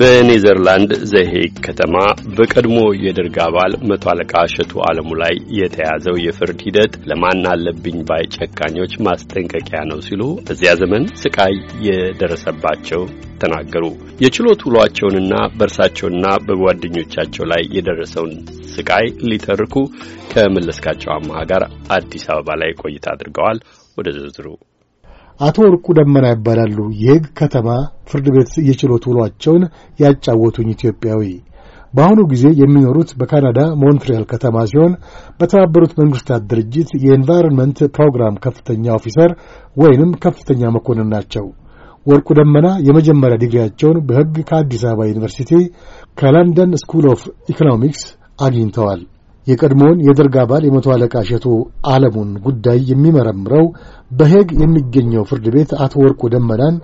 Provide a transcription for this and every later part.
በኔዘርላንድ ዘሄግ ከተማ በቀድሞ የደርግ አባል መቶ አለቃ እሸቱ አለሙ ላይ የተያዘው የፍርድ ሂደት ለማን አለብኝ ባይ ጨካኞች ማስጠንቀቂያ ነው ሲሉ በዚያ ዘመን ስቃይ የደረሰባቸው ተናገሩ። የችሎት ውሏቸውንና በእርሳቸውና በጓደኞቻቸው ላይ የደረሰውን ስቃይ ሊተርኩ ከመለስካቸው አማሃ ጋር አዲስ አበባ ላይ ቆይታ አድርገዋል። ወደ ዝርዝሩ አቶ ወርቁ ደመና ይባላሉ። የሕግ ከተማ ፍርድ ቤት የችሎት ውሏቸውን ያጫወቱኝ ኢትዮጵያዊ በአሁኑ ጊዜ የሚኖሩት በካናዳ ሞንትሪያል ከተማ ሲሆን በተባበሩት መንግስታት ድርጅት የኤንቫይሮንመንት ፕሮግራም ከፍተኛ ኦፊሰር ወይንም ከፍተኛ መኮንን ናቸው። ወርቁ ደመና የመጀመሪያ ዲግሪያቸውን በሕግ ከአዲስ አበባ ዩኒቨርሲቲ ከለንደን ስኩል ኦፍ ኢኮኖሚክስ አግኝተዋል። የቀድሞውን የደርግ አባል የመቶ አለቃ እሸቱ ዓለሙን ጉዳይ የሚመረምረው በሄግ የሚገኘው ፍርድ ቤት አቶ ወርቁ ደመዳን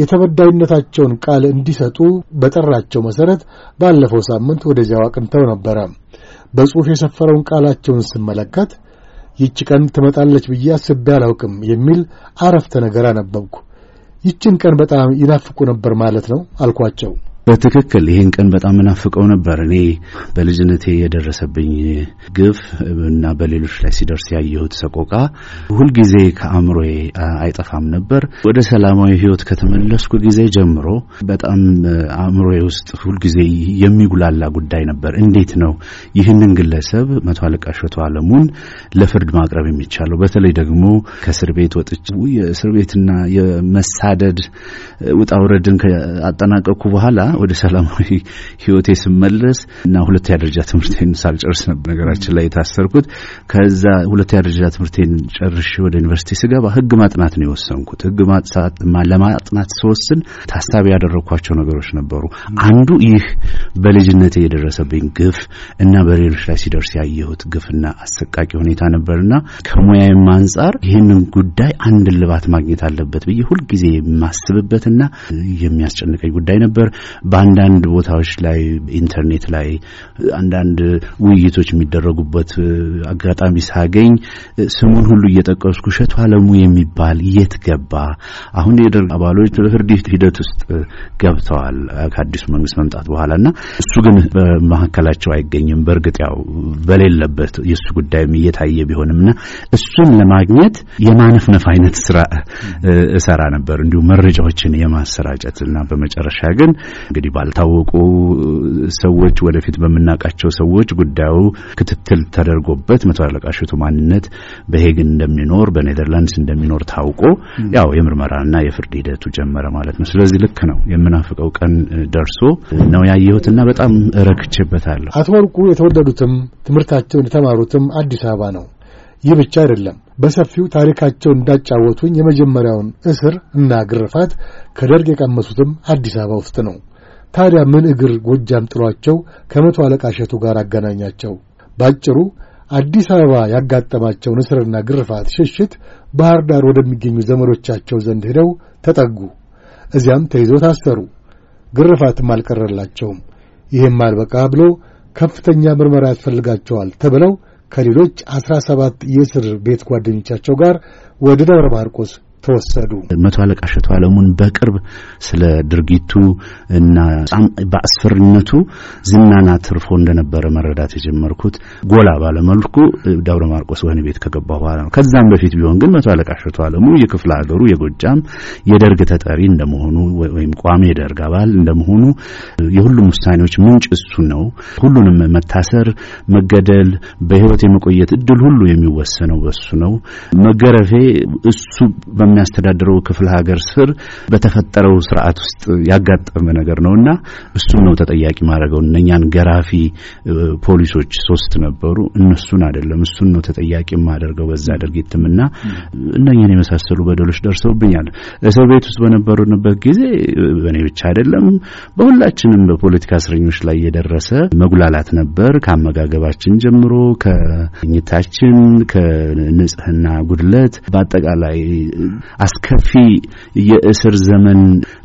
የተበዳይነታቸውን ቃል እንዲሰጡ በጠራቸው መሠረት ባለፈው ሳምንት ወደዚያው አቅንተው ነበረ። በጽሑፍ የሰፈረውን ቃላቸውን ስመለከት ይቺ ቀን ትመጣለች ብዬ አስቤ አላውቅም የሚል አረፍተ ነገር አነበብኩ። ይችን ቀን በጣም ይናፍቁ ነበር ማለት ነው አልኳቸው። በትክክል ይህን ቀን በጣም እናፍቀው ነበር። እኔ በልጅነቴ የደረሰብኝ ግፍ እና በሌሎች ላይ ሲደርስ ያየሁት ሰቆቃ ሁልጊዜ ከአእምሮዬ አይጠፋም ነበር። ወደ ሰላማዊ ሕይወት ከተመለስኩ ጊዜ ጀምሮ በጣም አእምሮዬ ውስጥ ሁልጊዜ የሚጉላላ ጉዳይ ነበር። እንዴት ነው ይህንን ግለሰብ መቶ አለቃ አለሙን ለፍርድ ማቅረብ የሚቻለው? በተለይ ደግሞ ከእስር ቤት ወጥቼ የእስር ቤትና የመሳደድ ውጣውረድን አጠናቀቅኩ በኋላ ወደ ሰላማዊ ህይወቴ ስመለስ እና ሁለተኛ ደረጃ ትምህርቴን ሳልጨርስ ነበር ነገራችን ላይ የታሰርኩት። ከዛ ሁለተኛ ደረጃ ትምህርቴን ጨርሼ ወደ ዩኒቨርሲቲ ስገባ ህግ ማጥናት ነው የወሰንኩት። ህግ ለማጥናት ስወስን ታሳቢ ያደረግኳቸው ነገሮች ነበሩ። አንዱ ይህ በልጅነት የደረሰብኝ ግፍ እና በሌሎች ላይ ሲደርስ ያየሁት ግፍና አሰቃቂ ሁኔታ ነበርና ከሙያዬም አንጻር ይህንን ጉዳይ አንድ ልባት ማግኘት አለበት ብዬ ሁልጊዜ የማስብበትና የሚያስጨንቀኝ ጉዳይ ነበር። በአንዳንድ ቦታዎች ላይ ኢንተርኔት ላይ አንዳንድ ውይይቶች የሚደረጉበት አጋጣሚ ሳገኝ ስሙን ሁሉ እየጠቀስኩ እሸቱ አለሙ የሚባል የት ገባ? አሁን የደርግ አባሎች በፍርድ ሂደት ውስጥ ገብተዋል ከአዲሱ መንግስት መምጣት በኋላ እና እሱ ግን በመካከላቸው አይገኝም። በእርግጥ ያው በሌለበት የእሱ ጉዳይም እየታየ ቢሆንም እና እሱን ለማግኘት የማነፍነፍ አይነት ስራ እሰራ ነበር እንዲሁ መረጃዎችን የማሰራጨት እና በመጨረሻ ግን እንግዲህ ባልታወቁ ሰዎች ወደፊት በምናውቃቸው ሰዎች ጉዳዩ ክትትል ተደርጎበት መቶ አለቃ እሸቱ ማንነት በሄግ እንደሚኖር በኔዘርላንድስ እንደሚኖር ታውቆ ያው የምርመራና የፍርድ ሂደቱ ጀመረ ማለት ነው። ስለዚህ ልክ ነው የምናፍቀው ቀን ደርሶ ነው ያየሁትና በጣም ረክቼበታለሁ። አቶ ወርቁ የተወለዱትም ትምህርታቸውን የተማሩትም አዲስ አበባ ነው። ይህ ብቻ አይደለም። በሰፊው ታሪካቸው እንዳጫወቱኝ የመጀመሪያውን እስር እና ግርፋት ከደርግ የቀመሱትም አዲስ አበባ ውስጥ ነው። ታዲያ ምን እግር ጎጃም ጥሏቸው ከመቶ አለቃ እሸቱ ጋር አገናኛቸው? ባጭሩ አዲስ አበባ ያጋጠማቸውን እስርና ግርፋት ሽሽት ባህር ዳር ወደሚገኙ ዘመዶቻቸው ዘንድ ሄደው ተጠጉ። እዚያም ተይዞ ታሰሩ። ግርፋትም አልቀረላቸውም። ይህም አልበቃ ብሎ ከፍተኛ ምርመራ ያስፈልጋቸዋል ተብለው ከሌሎች አስራ ሰባት የእስር ቤት ጓደኞቻቸው ጋር ወደ ደብረ ማርቆስ ተወሰዱ። መቶ አለቃ እሸቱ አለሙን በቅርብ ስለ ድርጊቱ እና በአስፈሪነቱ ዝናና ትርፎ እንደነበረ መረዳት የጀመርኩት ጎላ ባለመልኩ ደብረ ማርቆስ ወህኒ ቤት ከገባ በኋላ ነው። ከዛም በፊት ቢሆን ግን መቶ አለቃ እሸቱ አለሙ የክፍለ ሀገሩ የጎጃም የደርግ ተጠሪ እንደመሆኑ ወይም ቋሚ የደርግ አባል እንደመሆኑ የሁሉም ውሳኔዎች ምንጭ እሱ ነው። ሁሉንም መታሰር፣ መገደል፣ በህይወት የመቆየት እድል ሁሉ የሚወሰነው በሱ ነው። መገረፌ እሱ በሚያስተዳድረው ክፍለ ሀገር ስር በተፈጠረው ስርዓት ውስጥ ያጋጠመ ነገር ነው እና እሱን ነው ተጠያቂ ማድረገው። እነኛን ገራፊ ፖሊሶች ሶስት ነበሩ፣ እነሱን አይደለም፣ እሱን ነው ተጠያቂ ማደርገው በዛ ድርጊትም እና እነኛን የመሳሰሉ በደሎች ደርሰውብኛል። እስር ቤት ውስጥ በነበሩንበት ጊዜ በእኔ ብቻ አይደለም፣ በሁላችንም በፖለቲካ እስረኞች ላይ የደረሰ መጉላላት ነበር። ከአመጋገባችን ጀምሮ፣ ከኝታችን፣ ከንጽህና ጉድለት በአጠቃላይ አስከፊ የእስር ዘመን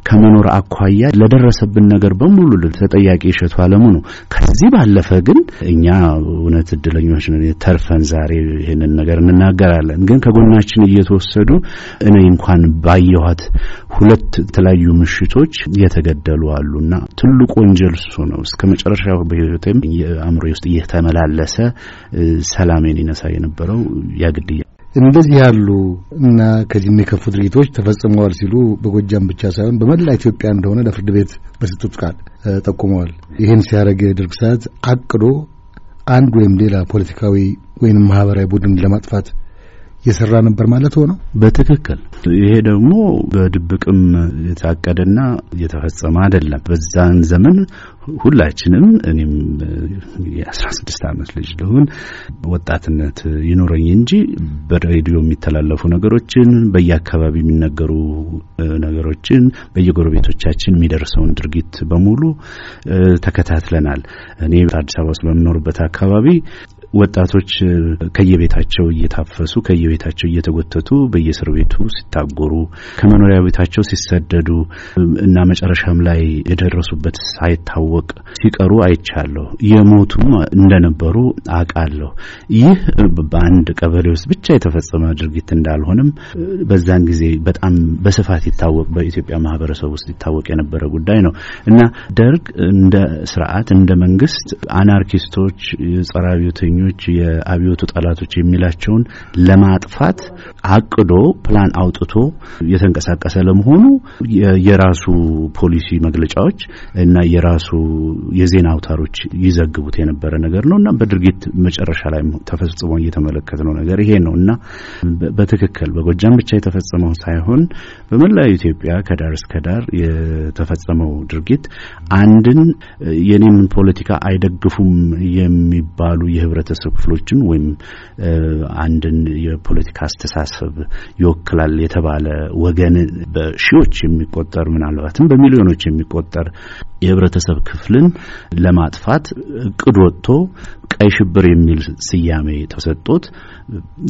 ከመኖር አኳያ ለደረሰብን ነገር በሙሉ ተጠያቂ እሸቱ አለሙ ነው። ከዚህ ባለፈ ግን እኛ እውነት እድለኞች ነን፣ ተርፈን ዛሬ ይህንን ነገር እንናገራለን። ግን ከጎናችን እየተወሰዱ እኔ እንኳን ባየኋት ሁለት የተለያዩ ምሽቶች የተገደሉ አሉና ትልቁ ወንጀል እሱ ነው። እስከ መጨረሻው በህይወቴም አእምሮዬ ውስጥ እየተመላለሰ ሰላሜን ይነሳ የነበረው ያ እንደዚህ ያሉ እና ከዚህ የሚከፉ ድርጊቶች ተፈጽመዋል ሲሉ በጎጃም ብቻ ሳይሆን በመላ ኢትዮጵያ እንደሆነ ለፍርድ ቤት በሰጡት ቃል ጠቁመዋል። ይህን ሲያደርግ ድርግ ሰዓት አቅዶ አንድ ወይም ሌላ ፖለቲካዊ ወይም ማህበራዊ ቡድን ለማጥፋት የሰራ ነበር ማለት ሆነው በትክክል ይሄ ደግሞ በድብቅም የታቀደና የተፈጸመ አይደለም። በዛን ዘመን ሁላችንም እኔም የአስራ ስድስት ዓመት ልጅ ልሁን ወጣትነት ይኖረኝ እንጂ በሬዲዮ የሚተላለፉ ነገሮችን፣ በየአካባቢ የሚነገሩ ነገሮችን፣ በየጎረቤቶቻችን የሚደርሰውን ድርጊት በሙሉ ተከታትለናል። እኔ አዲስ አበባ ውስጥ በምኖርበት አካባቢ ወጣቶች ከየቤታቸው እየታፈሱ ከየቤታቸው እየተጎተቱ በየእስር ቤቱ ሲታጎሩ ከመኖሪያ ቤታቸው ሲሰደዱ እና መጨረሻም ላይ የደረሱበት ሳይታወቅ ሲቀሩ አይቻለሁ። የሞቱም እንደነበሩ አውቃለሁ። ይህ በአንድ ቀበሌ ውስጥ ብቻ የተፈጸመ ድርጊት እንዳልሆነም በዛን ጊዜ በጣም በስፋት ይታወቅ በኢትዮጵያ ማህበረሰብ ውስጥ ይታወቅ የነበረ ጉዳይ ነው እና ደርግ እንደ ስርዓት እንደ መንግስት አናርኪስቶች፣ ጸረ አብዮተኞች ተቃዋሚዎች የአብዮቱ ጠላቶች የሚላቸውን ለማጥፋት አቅዶ ፕላን አውጥቶ የተንቀሳቀሰ ለመሆኑ የራሱ ፖሊሲ መግለጫዎች እና የራሱ የዜና አውታሮች ይዘግቡት የነበረ ነገር ነው እና በድርጊት መጨረሻ ላይ ተፈጽሞ ነው ነገር ይሄ ነው እና በትክክል በጎጃም ብቻ የተፈጸመው ሳይሆን በመላ ኢትዮጵያ ከዳር እስከ ዳር የተፈጸመው ድርጊት አንድን የኔም ፖለቲካ አይደግፉም የሚባሉ የህብረት የህብረተሰብ ክፍሎችን ወይም አንድን የፖለቲካ አስተሳሰብ ይወክላል የተባለ ወገን በሺዎች የሚቆጠር ምናልባትም በሚሊዮኖች የሚቆጠር የህብረተሰብ ክፍልን ለማጥፋት እቅድ ወጥቶ ቀይ ሽብር የሚል ስያሜ ተሰጥቶት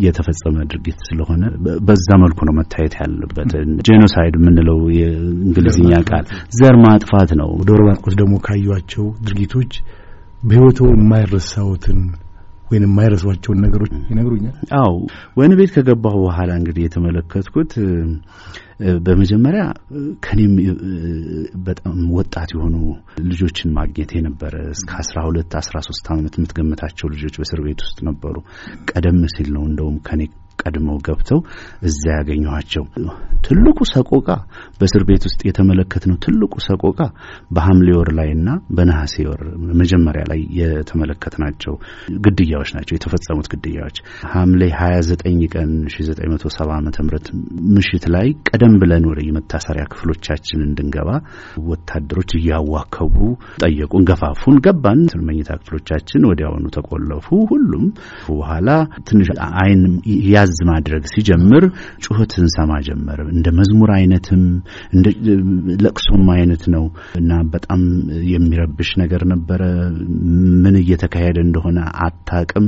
የተፈጸመ ድርጊት ስለሆነ በዛ መልኩ ነው መታየት ያለበት። ጄኖሳይድ የምንለው የእንግሊዝኛ ቃል ዘር ማጥፋት ነው። ዶሮ ማርቆስ ደግሞ ካዩቸው ድርጊቶች በህይወቱ የማይረሳውትን ወይም የማይረሷቸውን ነገሮች ይነግሩኛል? አዎ ወህኒ ቤት ከገባሁ በኋላ እንግዲህ የተመለከትኩት በመጀመሪያ ከኔም በጣም ወጣት የሆኑ ልጆችን ማግኘት የነበረ እስከ አስራ ሁለት አስራ ሶስት አመት የምትገምታቸው ልጆች በእስር ቤት ውስጥ ነበሩ። ቀደም ሲል ነው እንደውም ከኔ ቀድመው ገብተው እዛ ያገኘኋቸው። ትልቁ ሰቆቃ በእስር ቤት ውስጥ የተመለከትነው ትልቁ ሰቆቃ በሐምሌ ወር ላይና በነሐሴ ወር መጀመሪያ ላይ የተመለከትናቸው ግድያዎች ናቸው የተፈጸሙት ግድያዎች። ሐምሌ 29 ቀን 1970 ዓ ምህረት ምሽት ላይ ቀደም ብለን ወደ የመታሰሪያ ክፍሎቻችን እንድንገባ ወታደሮች እያዋከቡ ጠየቁን፣ ገፋፉን፣ ገባን። መኝታ ክፍሎቻችን ወዲያውኑ ተቆለፉ። ሁሉም በኋላ ትንሽ አይን ያዝ ቀዝ ማድረግ ሲጀምር ጩኸት እንሰማ ጀመር። እንደ መዝሙር አይነትም እንደ ለቅሶም አይነት ነው እና በጣም የሚረብሽ ነገር ነበረ። ምን እየተካሄደ እንደሆነ አታቅም።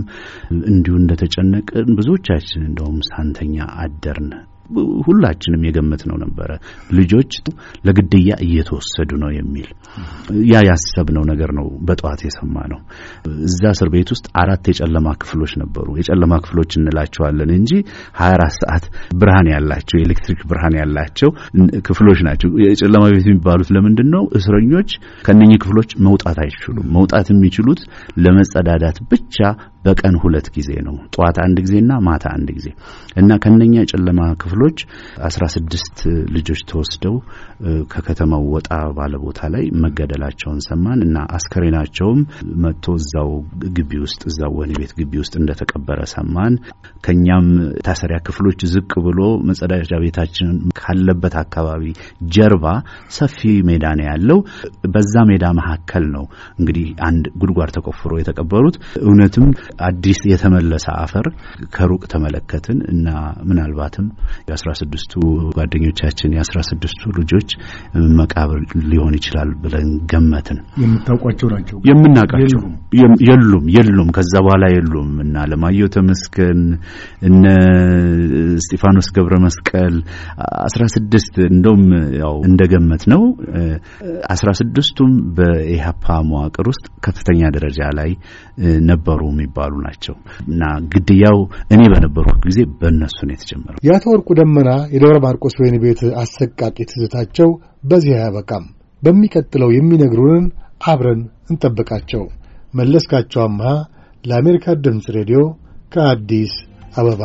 እንዲሁ እንደተጨነቅን ብዙዎቻችን እንደውም ሳንተኛ አደርን። ሁላችንም የገመት ነው ነበረ ልጆች ለግድያ እየተወሰዱ ነው የሚል ያ ያሰብነው ነገር ነው። በጠዋት የሰማ ነው። እዛ እስር ቤት ውስጥ አራት የጨለማ ክፍሎች ነበሩ። የጨለማ ክፍሎች እንላቸዋለን እንጂ 24 ሰዓት ብርሃን ያላቸው የኤሌክትሪክ ብርሃን ያላቸው ክፍሎች ናቸው። የጨለማ ቤት የሚባሉት ለምንድን ነው? እስረኞች ከነኚህ ክፍሎች መውጣት አይችሉም። መውጣት የሚችሉት ለመጸዳዳት ብቻ በቀን ሁለት ጊዜ ነው። ጠዋት አንድ ጊዜና ማታ አንድ ጊዜ እና ከነኛ ጨለማ ክፍሎች አስራ ስድስት ልጆች ተወስደው ከከተማው ወጣ ባለ ቦታ ላይ መገደላቸውን ሰማን እና አስከሬናቸውም መጥቶ እዛው ግቢ ውስጥ እዛው ወህኒ ቤት ግቢ ውስጥ እንደተቀበረ ሰማን። ከኛም ታሰሪያ ክፍሎች ዝቅ ብሎ መጸዳጃ ቤታችን ካለበት አካባቢ ጀርባ ሰፊ ሜዳ ነው ያለው። በዛ ሜዳ መካከል ነው እንግዲህ አንድ ጉድጓድ ተቆፍሮ የተቀበሩት እውነትም አዲስ የተመለሰ አፈር ከሩቅ ተመለከትን እና ምናልባትም የአስራ ስድስቱ ጓደኞቻችን የአስራ ስድስቱ ልጆች መቃብር ሊሆን ይችላል ብለን ገመትን። የምታውቋቸው ናቸው የምናውቃቸው የሉም የሉም ከዛ በኋላ የሉም እና አለማየሁ ተመስገን እነ እስጢፋኖስ ገብረ መስቀል አስራ ስድስት እንደውም ያው እንደገመት ነው አስራ ስድስቱም በኢህአፓ መዋቅር ውስጥ ከፍተኛ ደረጃ ላይ ነበሩ የሚባሉ የተባሉ ናቸው እና ግድያው እኔ በነበርኩ ጊዜ በእነሱ ነው የተጀመረው። የአቶ ወርቁ ደመና የደብረ ማርቆስ ወይን ቤት አሰቃቂ ትዝታቸው በዚህ አያበቃም። በሚቀጥለው የሚነግሩንን አብረን እንጠብቃቸው። መለስካቸው አምሃ ለአሜሪካ ድምፅ ሬዲዮ ከአዲስ አበባ